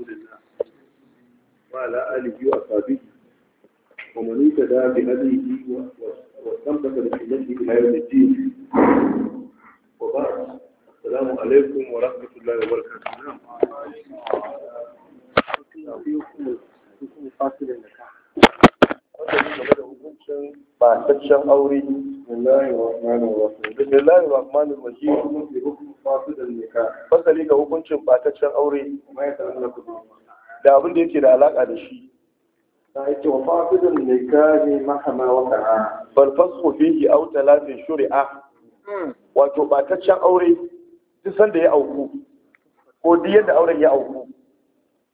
رسول الله وعلى آله وأصحابه ومن اهتدى بهديه واستمسك بسنته إلى يوم الدين وبعد السلام عليكم ورحمة الله وبركاته نعم fataccen aure bismillahir rahmanir rahim bismillahir rahmanir rahim fasali ga hukuncin fataccen aure da abin da yake da alaka da shi da yake wa fasidun ne mahama wa kana bal fasu fihi aw talafin shuri'a wato bataccen aure duk da ya auku ko duk yadda auren ya auku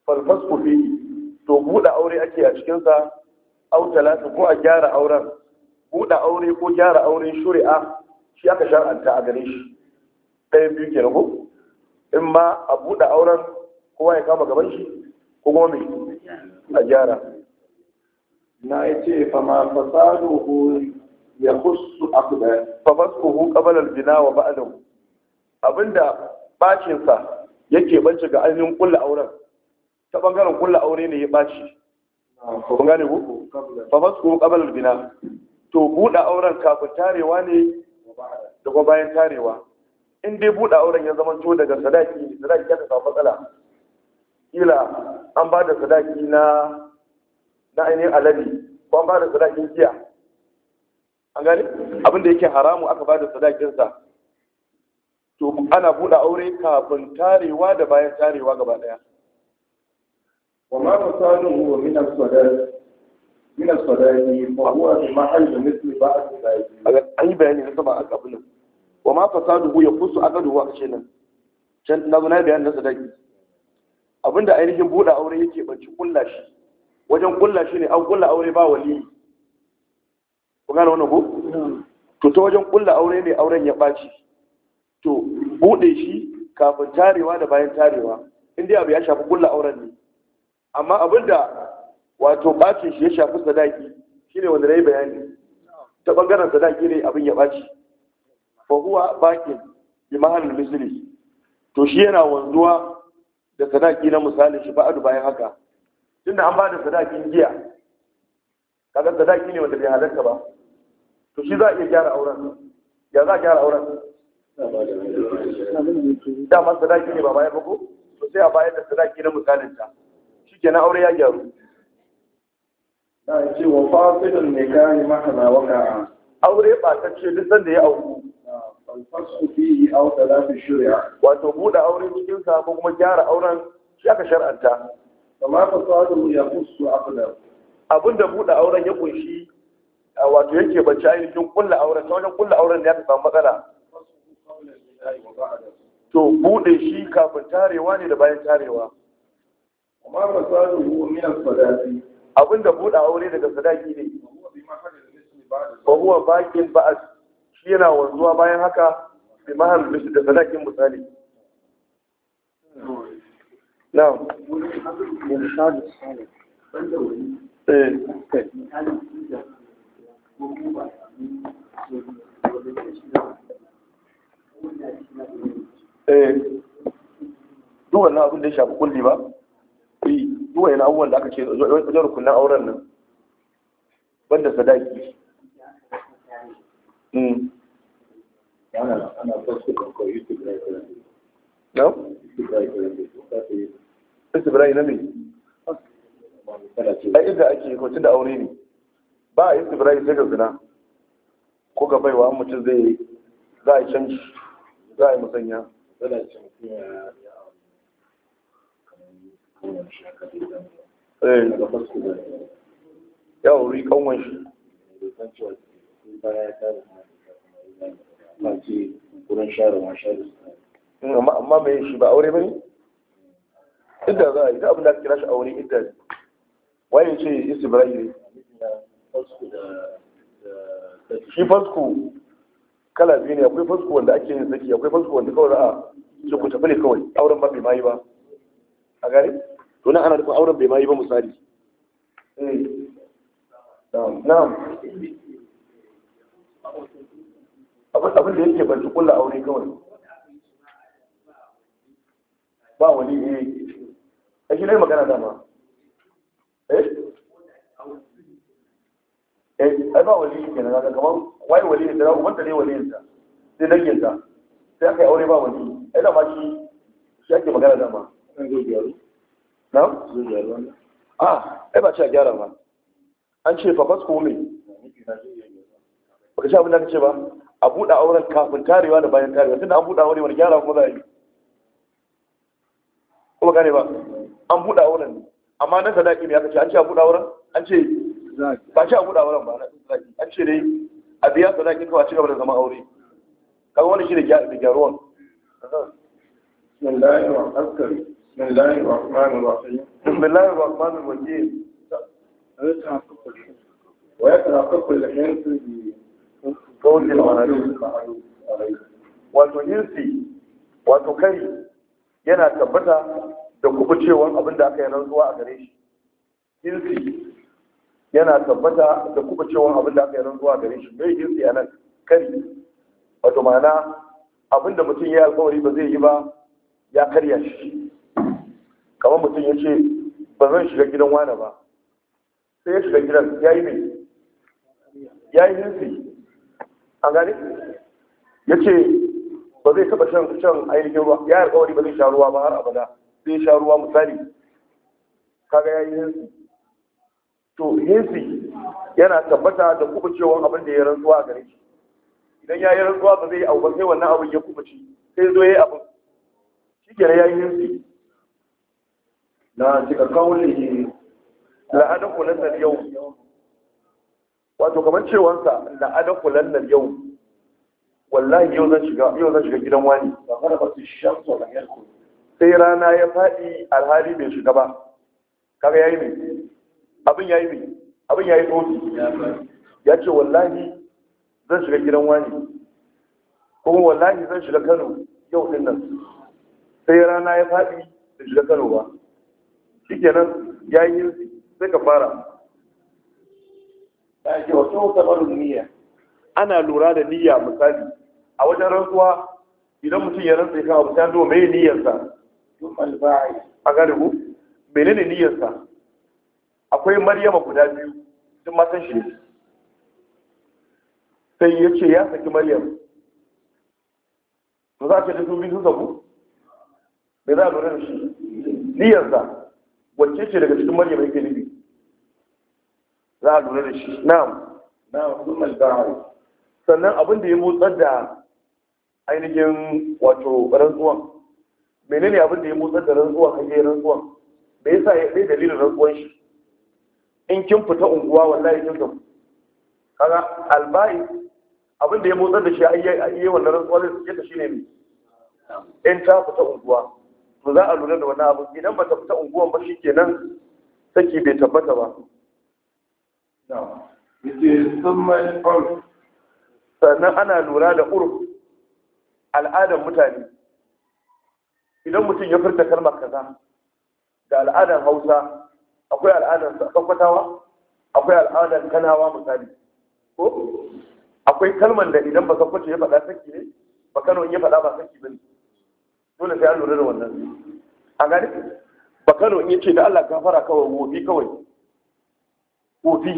fal fasu fihi to buɗe aure ake a cikinsa. au talata ko a gyara auren buɗe aure ko gyara aure shuri'a shi aka shar'anta a gare shi ɗayan biyu ke ko in ma a buɗe auren kowa ya kama gaban shi ko kuma mai a gyara na ya ce fama fasaduhu ya husu akuda fafaskuhu qabalal bina wa ba'adau. abinda bacinsa yake bance ga ainihin kulla auren ta bangaren kulla aure ne ya baci kun gane ku fa fasu qabla al to buɗe auren kafin tarewa ne da kuma bayan tarewa in dai buɗe auren ya zama to daga sadaki ne sadaki ya samu matsala kila an ba da sadaki na na ainihin alabi ko an ba da sadakin giya an gane abin da yake haramu aka ba da sadakinsa to ana buɗe aure kafin tarewa da bayan tarewa gaba ɗaya وما مثاله من الصلاة من الصلاة فهو بمحل مثل بعض ذلك أي بياني لسبع ya وما فساده يقص أقده أشينا can na zo na bayan na sadaki abinda ainihin buɗe aure yake banci kulla shi wajen kulla shi ne an kulla aure ba wali ku gano wannan ko to wajen kulla aure ne auren ya ɓaci to buɗe shi kafin tarewa da bayan tarewa in abu ya shafi kulla auren ne amma abinda wato bacin shi ya shafi sadaki shine wanda rai bayani ta bangaren sadaki ne abin ya baci fa huwa baqin bi mahallil to shi yana wanzuwa da sadaki na misalin shi ba'adu bayan haka tunda an bada sadakin giya kaga sadaki ne wanda bai halarta ba to shi za a iya gyara auren ya za a gyara auren dama sadaki ne ba bayan ba ko to sai a bayar da sadaki na misalin ta na aure ya gyaru maka aure ba ta ce duk sanda ya auku wato buɗe aure cikin sabon kuma gyara auren shi aka shar'anta abin da ya buɗe auren ya kunshi wato yake bacci ainihin ƙulla auren ta wajen ƙulla auren da ya samu matsala to buɗe shi kafin tarewa ne da bayan tarewa amma ba sa da hu sadaqi abinda buɗa aure daga sadaki ne ba huwa bakin ba'as shi yana wanzuwa bayan haka bi mahal mishi da sadakin misali na'am eh. eh duk wannan abin da ya shafi kulli ba duk yana abubuwan da aka ce wajen rukunan auren nan banda sadaki Istibrai na mai? A inda ake hotun da aure ne, ba a istibrai sai ga zina ko ga baiwa mutum zai za a canji za a yi musanya. eh da fasu shi amma mai shi ba aure bane idda za a yi abin da aka kira shi aure idda ne waye ce istibrai ne shi fasku kala biyu ne akwai fasku wanda ake yin zaki akwai fasku wanda kawai za a ce ku tafi kawai auren ba bai ma yi ba a gari to ana nufin auren bai ma yi ba misali eh. na'am abin da yake ban kulla aure kawai ba wani eh a shi ne magana dama eh, eh ai ba wali ke nan ga kamar wai wali ne da wanda ne wani ta sai dangin ta sai aka yi aure ba wani ai da ma shi shi ake magana dama na? a ah, ai ba ce a gyara ba an ce fafas ko mai baka ce abin da ka ce ba a buɗe auren kafin karewa da bayan karewa. tunda an buɗe auren wani gyara kuma za a yi kuma gane ba an buɗe auren amma nan sadaki ne aka ce an ce a buɗe auren an ce ba ce a buɗe auren ba na sadaki an ce dai a biya sadaki kawai a gaba da zama aure kaga wani shi ne gyaruwan Bismillahirrahmanirrahim. بسم الله الرحمن الرحيم الحنس wato yinsi yana tabbata da kubucewan abin da aka yi a gare shi yana tabbata da kubucewan abin da aka yi zuwa a gare shi mai yinsi a nan kari wato mana abin da mutum ya alkawari ba zai yi ba ya karya shi kamar mutum ya ce ba zan shiga gidan wane ba sai ya shiga gidan ya yi mai ya yi nufi an gani ya ce ba zai taɓa shan shan ainihin ruwa ya yi wani ba zai sha ruwa ba har abada sai ya sha ruwa misali kaga ya yi nufi to nufi yana tabbata da kubucewan abin da ya rantsuwa a gare shi idan ya yi rantsuwa ba zai yi abu ba sai wannan abin ya kubuce sai zo ya yi abin shi kenan ya yi nufi na cika kawulihi la'adan kulannar yau wato kamar cewansa la'adan kulannar yau wallahi yau zan shiga yau zan shiga gidan wani sai rana ya faɗi alhali bai shiga ba kaga yayi ne abin yayi ne abin yayi tosi ya ce wallahi zan shiga gidan wani kuma wallahi zan shiga Kano yau din nan sai rana ya faɗi da shiga Kano ba shi kenan ya yi sai ka fara ana lura da niyya misali a wajen rantsuwa idan mutum ya rantsa ya abu ta zo mai niyyarsa a gane ku menene niyyarsa akwai maryama guda biyu sun matan shi ne sai ya ce ya saki maryam to za a ce da su biyu sun saku me za a lura da shi niyyarsa wacce ce daga cikin maryam yake nufi za a lura da shi Na, na'am sunan bahari sannan abin da ya motsar da ainihin wato rantsuwan menene abin da ya motsar da rantsuwan hanyar rantsuwan da yasa ya ɗai dalilin rantsuwan shi in kin fita unguwa wallahi kin gamu kaga alba'i abin da ya motsar da shi a iya wannan rantsuwa zai ta shine ne in ta fita unguwa to za a lura da wannan abu idan ba ta fita unguwan ba shikenan saki bai tabbata ba sannan ana lura da urf al'adar mutane idan mutum ya furta kalmar kaza da al'adar hausa akwai al'adar sakwatawa, akwai al'adar kanawa misali ko akwai kalmar da idan ba sakwata ya faɗa saki ne ba kano ya faɗa ba saki ba ne dole sai an lura da wannan a gani bakano in ce da Allah gafara kawai wofi kawai wofi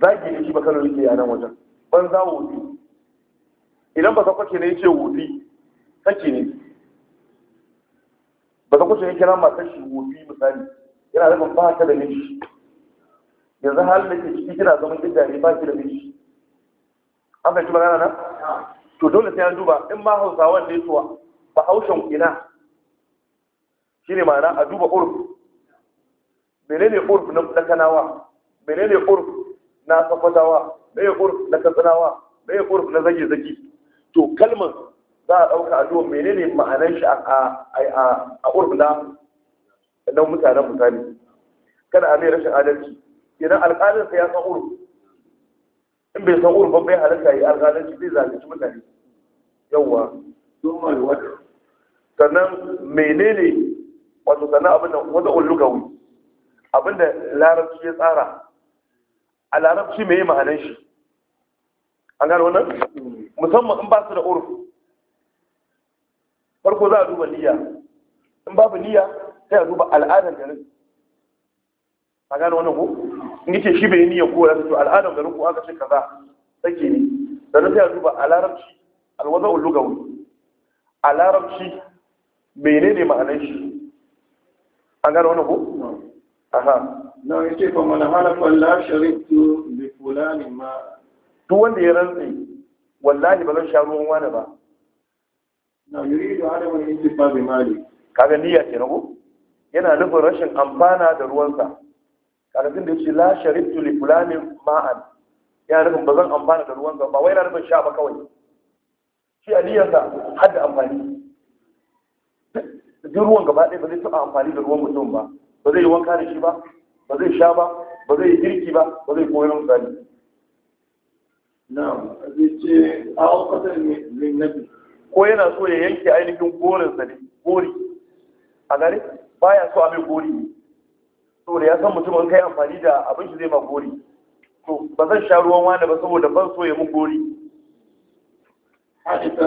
zaki ne shi bakano yake a nan wajen ban za wofi idan ba kwace ne ce wofi kake ne ba sakwace ne kira matar shi wofi misali yana zama ba ka da miji yanzu halin da ke ciki kina zaman gida ne ba ki da miji an fahimci magana na to dole sai an duba in ma hausawan ne to bahaushen ina shine ma'ana a duba urf menene urf na kanawa menene urf na sakwatawa Mene urf na katsinawa Mene urf na zage-zage to kalmar za a ɗauka a duba menene ma'anar shi a urf na na mutanen mutane? kada a mai rashin adalci idan alƙalin ya san urf in bai san urf ba bai halatta ya yi alƙalanci zai zalunci mutane yawwa sannan menene wato sannan abin da wata ulugawi wu abinda larabci ya tsara a larabci mai yi ma'anan shi an gano wannan musamman in ba su da uru, farko za a duba niyya in babu niyya sai a duba al'adar garin a gano wannan ko in yake shi bai yi niyya ko da su al'adar garin ko aka ce kaza sake ne sannan sai a duba a larabci alwaza'ul lugawi a larabci menene ma'anar shi an gane wannan ko aha na yace fa man halafa la sharitu bi fulani ma duk wanda ya rantsi wallahi ba zan sha ruwan wani ba na hada adam an ba bi mali kaga niyya ce na ko yana nufin rashin amfana da ruwansa kaga da yace la sharitu li fulani ma'an ya nufin ba zan amfana da ruwansa ba wai na nufin sha ba kawai shi aliyarsa har da amfani duk ruwan gaba ɗaya ba zai taɓa amfani da ruwan mutum ba ba zai yi wanka da shi ba ba zai sha ba ba zai yi girki ba ba zai koyar da mutane ce ko yana so ya yanke ainihin sa ne gori a gare baya so a mai gori ne saboda ya san mutum an kai amfani da abin shi zai ma gori to ba zan sha ruwan wani ba saboda ban so ya mun gori حدث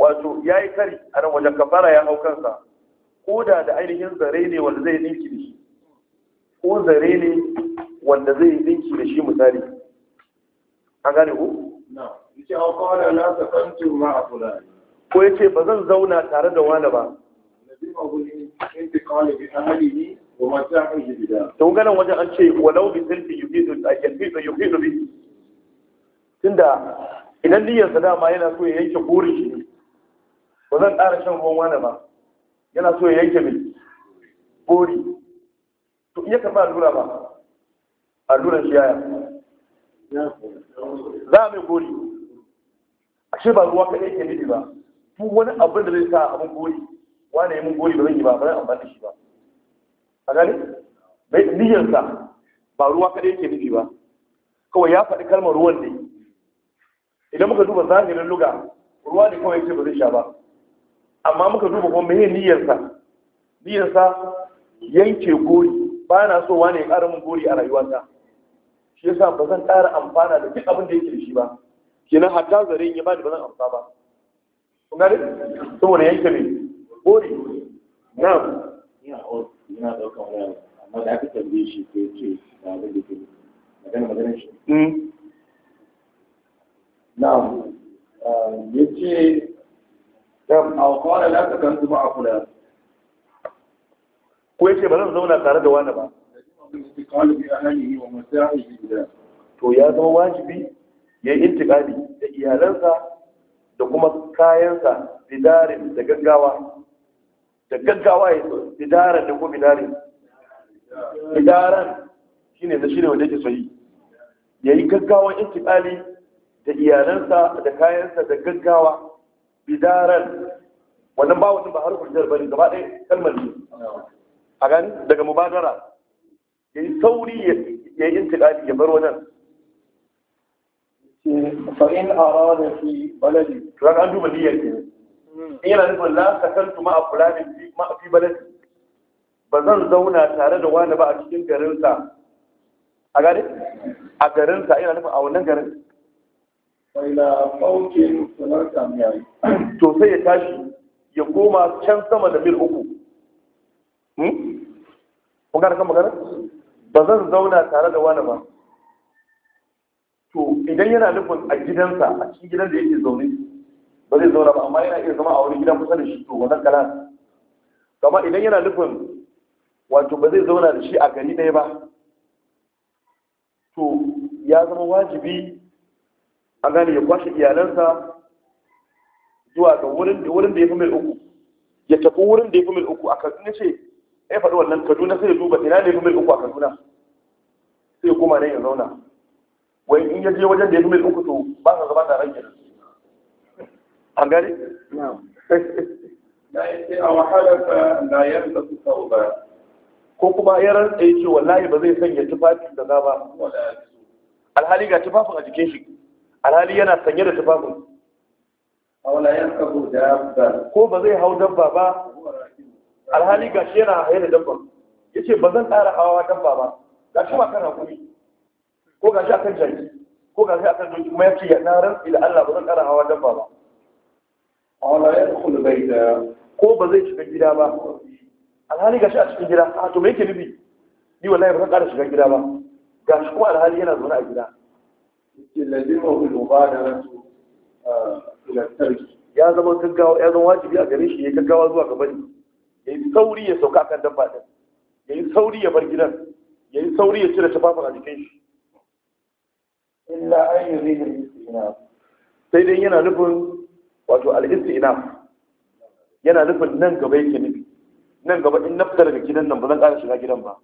wato ya yi kari a nan wajen kafara ya hau kansa ko da da ainihin zare ne wanda zai ninki da shi ko zare ne wanda zai ninki da shi misali an gane ku? na a fulani ko ya ce ba zan zauna tare da wani ba da ganin wajen an ce walau bi zirfi yuhidu yuhidu bi tunda idan niyyarsa dama yana so ya yanke burin shi ba zan ƙara shan ruwan wani ba yana so ya yanke mai bori to iya karɓa allura ba alluran shi yaya za a mai bori shi ba ruwa kaɗai ke nufi ba Ko wani abin da zai sa abin bori wani yi mun bori ba zan yi ba ba zan amfani da shi ba a gani niyyarsa ba ruwa kaɗai ke nufi ba kawai ya faɗi kalmar ruwan ne idan muka duba zahirin luga ruwa ne kawai ce ba zai sha ba amma muka duba kuma mai niyyarsa niyyarsa yanke gori ba na so wani ya ƙara min gori a rayuwata shi yasa ba zan ƙara amfana da duk abin da yake da shi ba kenan hatta zare ya bani ba zan amsa ba kun gane saboda yanke ne gori na ina ɗaukar wani amma da aka tambaye shi ko ce ba abin magana magana shi hmm. na'am ah, yace dam aw qala la takantu ma'a fulan ko yace ba zan zauna tare da wani ba to ya zama wajibi ya yi intiƙali da iyalansa da kuma kayansa bidarin da gaggawa da gaggawa ya so bidaran da ko bidarin bidaran shine da shine wanda yake so yi ya yi gaggawan intiƙali da iyalansa da kayansa da gaggawa bidaran wannan ba wani ba har hujjar bane gaba ɗaya kalmar ne a gani daga mubadara ya yi sauri ya yi intiƙali ya bar wajen fa'in arada fi baladi ran an duba niyyar ke hmm. in yana nufin la kasantu ma a fulanin fi baladi ba zan zauna tare da wani ba a cikin garinsa a gari a garinsa yana nufin a wannan garin to sai ya tashi ya koma can sama da mil uku hmm? kun kan magana ba zan zauna tare da wani ba to idan yana nufin a gidansa a cikin gidan da yake zaune ba zai zauna ba amma yana iya zama a wani gidan kusa da shi to wannan kalan kama idan yana nufin wato ba zai zauna da shi a gari ɗaya ba to ya zama wajibi an gane ya kwashe iyalansa zuwa ga wurin da ya fi mil uku ya tafi wurin da ya fi mil uku a kaduna ce ya faɗi wannan kaduna sai ya duba ina da ya fi mil uku a kaduna sai kuma nan ya zauna wai in ya je wajen da ya fi mil uku to ba sa zama taron kenan an gane? a wahalarsa da yarda su sau ba ko kuma ya rantsa ya ce wallahi ba zai sanya tufafi da ba alhali ga tufafin a jikin shi alhali yana sanye da tufafin ko ba zai hau dabba ba alhali ga shi yana haye da dabba yace ba zan tsara hawa dabba ba gashi ba kan hakuri ko ga shi akan jari? ko ga shi akan doki kuma yace ya na rantsi da Allah ba zan tsara hawa dabba ba ko ba zai shiga gida ba alhali ga shi a cikin gida a to me yake nufi ni wallahi ba zan tsara shiga gida ba Ga shi kuma alhali yana zaune a gida lazimahu al-mubadaratu ila tarki ya zama gaggawa ya zama wajibi a gare shi ya gaggawa zuwa ga ya yi sauri ya sauka kan dabba ya yi sauri ya bar gidan ya yi sauri ya cire tufafin a jikin shi illa an yuridu al-istinaf sai dai yana nufin wato al ina, yana nufin nan gaba yake nufi nan gaba in na fita daga gidan nan ba zan ƙara shiga gidan ba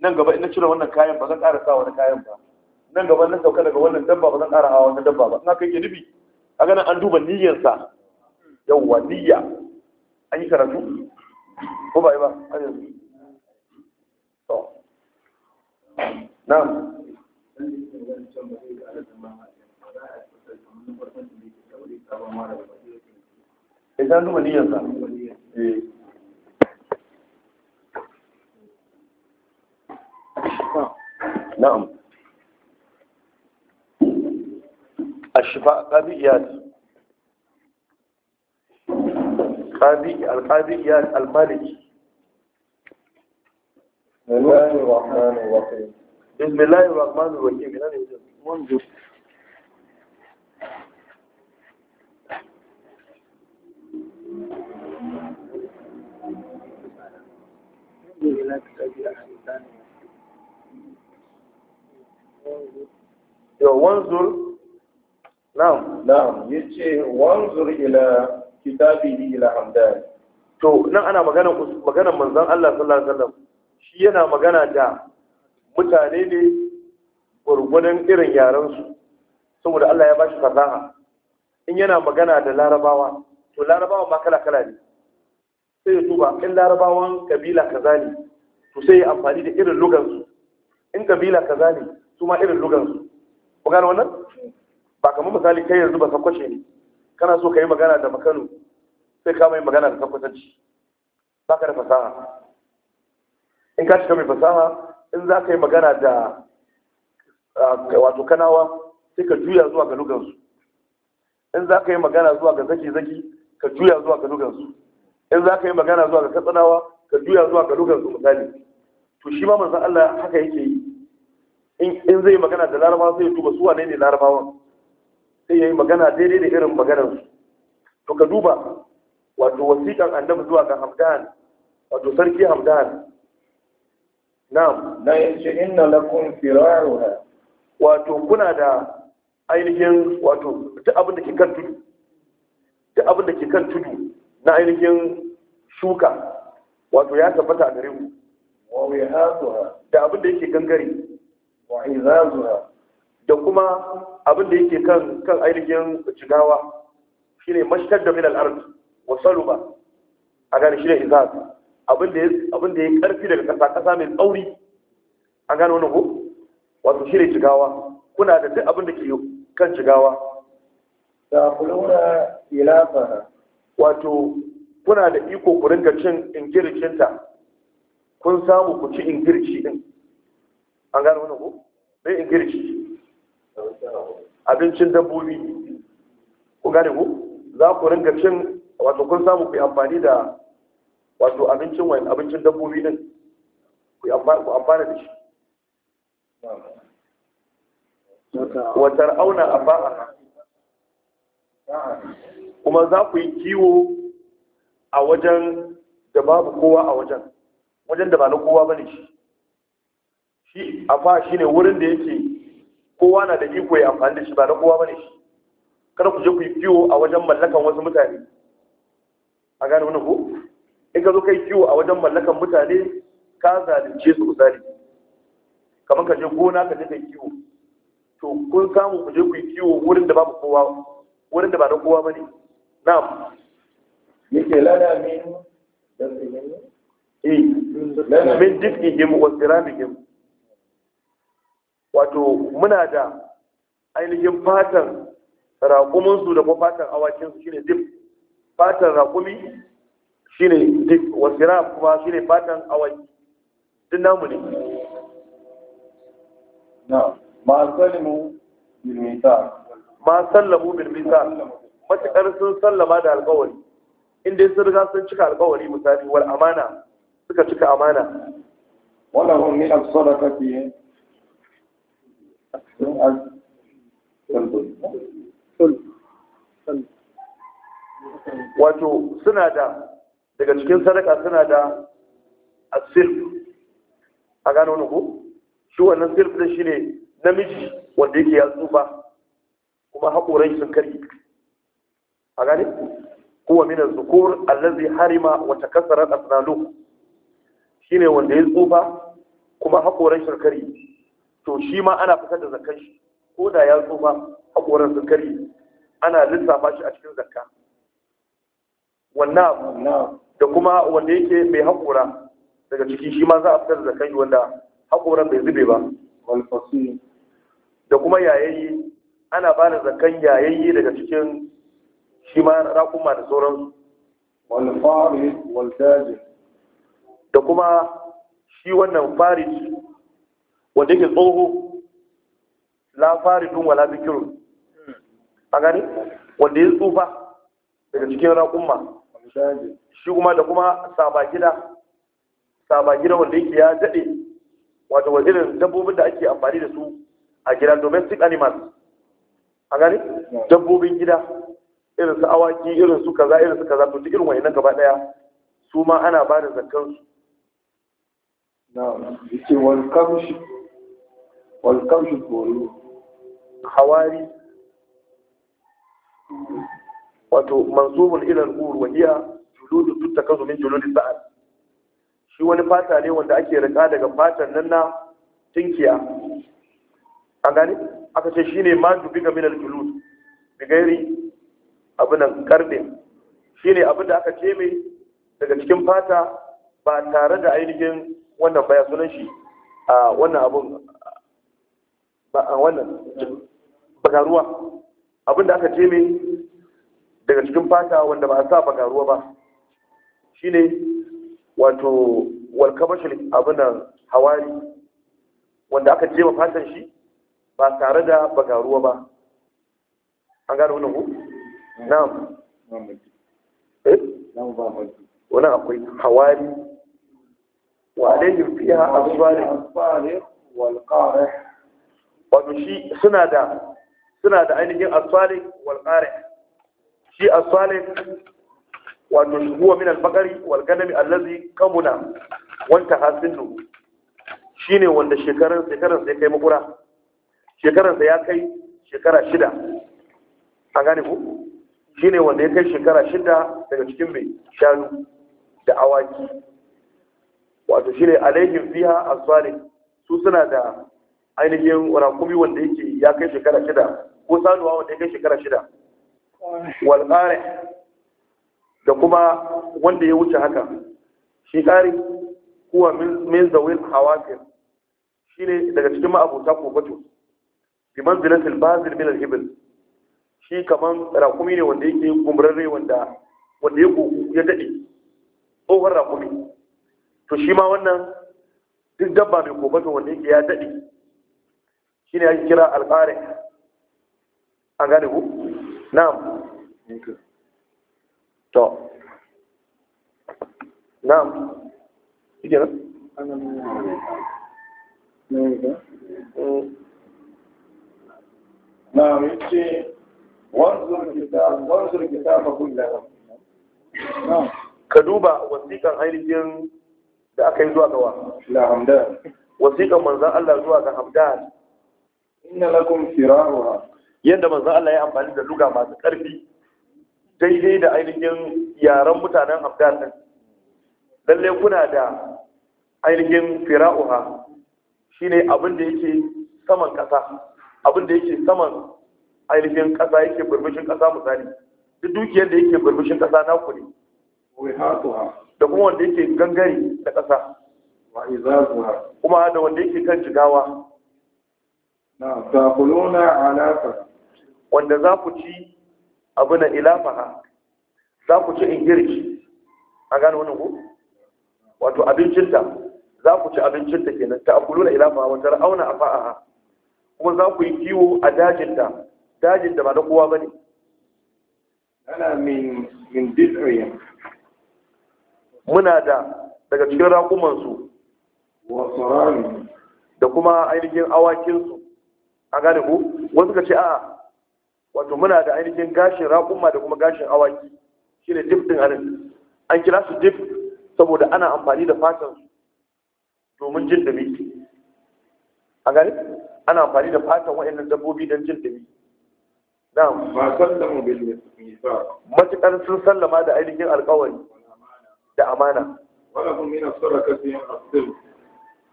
nan gaba in na cire wannan kayan ba zan ƙara sa wani kayan ba nan gaban nan sauka daga wannan dabba ba zan ƙara hawa wannan dabba ba ina kai ke nufi a ganin an duba niyyarsa yawwa niyya an yi karatu ko ba yi ba a yanzu na'am eh, idan duba niyyarsa eh. na'am الشفاء قبيات قاضي القبيات الملك بسم الله الرحمن الرحيم بسم الله الرحمن الرحيم وانظر na'am na'am yace wanzur ila kitabihi ila hamdan to nan ana magana maganar manzon Allah sallallahu alaihi wasallam shi yana magana da mutane ne gurgunan irin yarensu saboda Allah ya bashi fasaha in yana magana da larabawa to larabawa ma kala kala ne sai ya duba in larabawan kabila kaza ne to sai ya amfani da irin lugansu in kabila kaza ne su ma irin lugansu ku gane wannan ba kamar misali kai yanzu ba sakwashe ne kana so ka yi magana da makano sai ka mai magana da sakwatanci ba ka da fasaha in ka shiga mai fasaha in za ka yi magana da wato kanawa sai ka juya zuwa ga lugansu in za ka yi magana zuwa ga zaki-zaki ka juya zuwa ga lugansu in za ka yi magana zuwa ga katsanawa ka juya zuwa ga lugansu misali to shi ma manzan Allah haka yake yi in zai magana da larabawa sai ya duba su wane ne larabawan sai ya yi magana daidai da irin maganarsu to ka duba wato wasiƙan annabi zuwa ga hamdan wato sarki hamdan na'am la inna lakum firaruha wato kuna da ainihin wato duk abin da ke kan tudu duk abin da ke kan tudu na ainihin shuka wato ya tabbata a gare mu da abin da yake gangare wa izazuha da kuma abin da yake kan kan ainihin jigawa shine mashtar da min al-ard wa saluba a gane shine izaz abin da abin da ya karfi daga kasa kasa mai tsauri an gane wannan ko wato shine jigawa kuna da duk abin da ke kan jigawa da kuluna ilafa wato kuna da iko ku ringa cin ingircinta kun samu ku ci ingirci din an gane wannan ko bai ingirci abincin dabbobi ku gane ku za ku ringa cin wato kun samu ku amfani da wato abincin wani abincin dabbobi din ku amfani da shi auna a ba'a kuma za ku yi kiwo a wajen da babu kowa a wajen wajen da ba na kowa bane shi shi afa shine wurin da yake kowa na da iko ya amfani da shi ba na kowa bane shi kada ku je ku yi kiwo a wajen mallakan wasu mutane a gane wani ko in ka zo kai kiwo a wajen mallakan mutane ka zalunce su misali kamar ka je gona ka je kai kiwo to kun samu ku je ku yi kiwo wurin da babu kowa wurin da ba na kowa ba bane na'am yake lana min da eh, min difihim wa siramihim wato muna da ainihin fatan raƙuminsu da kuma fatan awakinsu shine dip fatan raƙumi shine dip wasira kuma shine fatan awaki din namu ne ma sallamu bil misal ma sallamu bil misa matakar sun sallama da alƙawari inda sun riga sun cika alƙawari misali wal amana suka cika amana wannan hun min al sadaqati wato suna da daga cikin sadaka suna da asirf a gano wani ko shi wannan sirf da shi ne namiji wanda yake ya tsufa kuma haƙoran sun karye a gane kuwa minar zukur allazi harima wata kasarar asnalu shi ne wanda ya tsufa kuma haƙoran sun karye to shi ma ana fitar da zakar shi ko da ya tsufa a sun zakari ana lissafa shi a cikin zakka wannan da kuma wanda yake mai haƙora daga ciki shi ma za a fitar da zakar shi wanda haƙoran bai zube ba da kuma yayayi ana ba da zakar yayayi daga cikin shi ma raƙuma da sauransu da kuma shi wannan farid wanda tsoho la faridun wala bikiru? a gani wanda ya tsufa daga cikin raƙumma shi kuma da kuma sabagida sabagida wanda yake ya daɗe wato wajirin dabbobin da ake amfani da su a gida domestic animals a gani dabbobin gida irin su awaki irin su kaza irin su kaza to duk irin wayannan gaba daya su ma ana ba da zakkansu na yace kamshi والقول الغوري حواري wato mansubun ila al-ghur wa hiya juludu tuttakazu min juludi sa'ad shi wani fata ne wanda ake rika daga fatan nan na tinkiya an gani aka ce shine ma dubiga min al-julud bigairi abunan karbe shine abin da aka ce mai daga cikin fata ba tare da ainihin wannan baya sunan shi a wannan abun ba a wannan bagaruwa abinda aka ce mai daga cikin fata wanda ba a sa bagaruwa ba shine wato walkabashin abinan hawari wanda aka ce ma fatan shi ba tare da bagaruwa ba an gane wani ku? na'am eh? wani akwai hawari wa alaihim fiha asfarin wal qarih wato shi suna da suna da ainihin asali wal qari shi asali wato huwa min al-baqari wal ganami allazi kamuna wanta hasinu shine wanda shekaran shekaran sai kai makura shekaran sa ya kai shekara shida an gane ku shine wanda ya kai shekara shida daga cikin mai shanu da awaki wato shine alaihim fiha asali su suna da ainihin rakumi wanda yake ya kai shekara shida ko sanuwa wanda ya kai shekara shida wal da kuma wanda ya wuce haka shi ƙari kuwa min zawil hawafir shi ne daga cikin ma'abuta ko bato bi manzilatil bazil min al-ibil shi kaman rakumi ne wanda yake gumrarre wanda wanda ya gogu ya dade tsohon rakumi to shi ma wannan duk dabba mai kofato wanda yake ya dade shi ne ake kira alfare an gane ku na'am to na'am shi na nan نعم يجي وانظر كتاب وانظر كتاب كله نعم Na وثيقا هيرجين da aka yi zuwa ga wa la hamdan Allah zuwa ga hamdan inna lakum firaruha yadda manzo Allah ya amfani da luga masu ƙarfi daidai da ainihin yaren mutanen Afghan din lalle kuna da ainihin fira'uha shine abin da yake saman ƙasa abin da yake saman ainihin ƙasa yake burbushin ƙasa misali duk dukiyar da yake burbushin ƙasa na ku ne da kuma wanda yake gangare da ƙasa kuma da wanda yake kan jigawa na wanda za ku ci abu na ilafaha za ku ci ingirki, a gane wani ku wato abincinta za ku ci abincinta kenan takuluna ilafaha wata ra'auna afa'aha kuma za ku yi kiwo a dajinta dajinta ba na kowa ba ne ana min min disriya muna da daga cikin rakumansu da kuma ainihin awakinsu a gane ku wasu ka ce a'a wato muna da ainihin gashin raƙuma da kuma gashin awaki shi ne dip din anan an kira su dip saboda ana amfani da fatan su domin jin dumi a gane ana amfani da fatan waɗannan dabbobi don jin da na'am Na. Matuƙar sun sallama da ainihin alƙawari da amana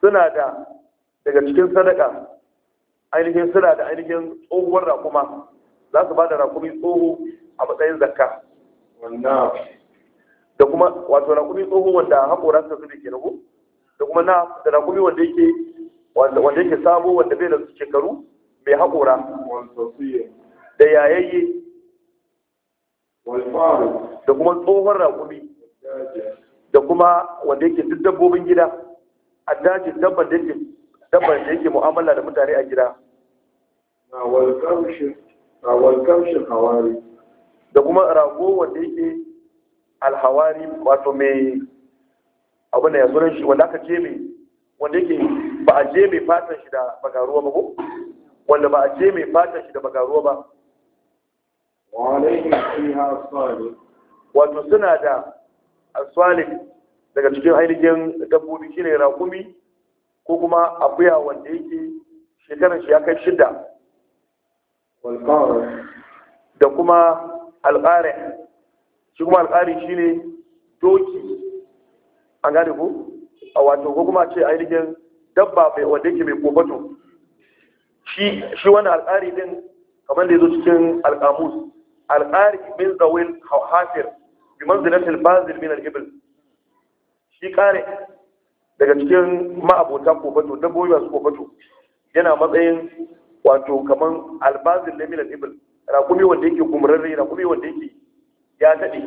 suna da daga cikin sadaka ainihin suna da ainihin tsohuwar rakuma za su ba da rakumi tsoho a matsayin zakka da kuma wato rakumi tsoho wanda haƙoransa su ke rabu. da kuma na da rakumi wanda yake wanda yake sabo wanda bai da shekaru mai haƙora da yayayye da kuma tsohon rakumi da kuma wanda yake duk dabbobin gida a dajin dabban da yake dabbar da yake mu'amala da mutane a gida na hawari da kuma rago wanda yake alhawari wato mai abin da ya zuwa shi wanda aka mai wanda yake ba a mai fatan shi da bagaruwa ba ko wanda ba a mai fatan shi da bagaruwa ba wato suna da aswalik daga cikin ainihin dabbobi shine rakumi ko kuma akuya wanda yake shekarar shi ya kai shida da kuma alƙarin shi kuma alƙarin shi ne doki an gane ku a wato ko kuma ce ainihin dabba mai wanda yake mai kofato shi wani alƙari din kamar da ya zo cikin alƙamus alƙari min zawil hafir bi manzilatil bazil min al-ibil shi ƙare daga cikin ma'abota kofato dabbobi masu kofato yana matsayin wato kamar albazin na milan ibil rakumi wanda yake kumurarre rakumi wanda yake ya daɗe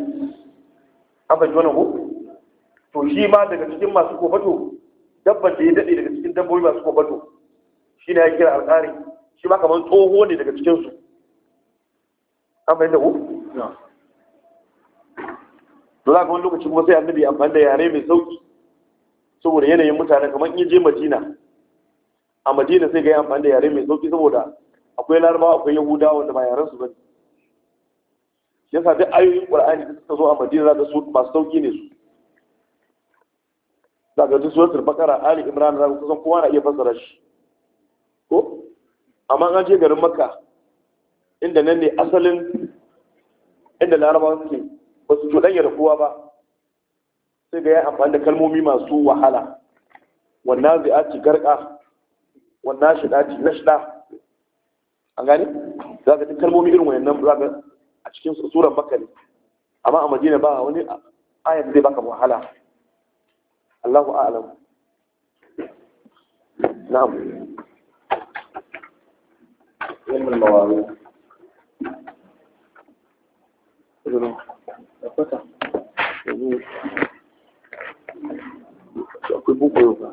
an fahimci wannan ko to shi ma daga cikin masu kofato dabban da ya daɗe daga cikin dabbobi masu kofato shi ne ya kira alƙari shi ma kamar tsoho ne daga cikinsu an fahimta ko to za ka wani lokaci kuma sai annabi amfani da yare mai sauki saboda yanayin mutanen kamar in je madina a madina sai ga yi amfani da yare mai sauki saboda akwai larabawa akwai yahudawa wanda ba yaren su Ya yasa duk ayoyin ƙwar'ani da suka zo a madina za ka su masu sauki ne su za ga ji suratul bakara ali imran za ga kusan kowa na iya fassara shi ko amma an je garin makka inda nan ne asalin inda larabawa suke ba su cuɗanya da kowa ba sai ga ya amfani da kalmomi masu wahala wannan zai ake garka wannan shi na shida. an gane za ka ci kalmomi irin nan za ka a cikin tsuran bakari amma a madina ba wani ayat zai baka wahala Allahu a'lam na'am ilmin mawari Thank you. akwai buku akwai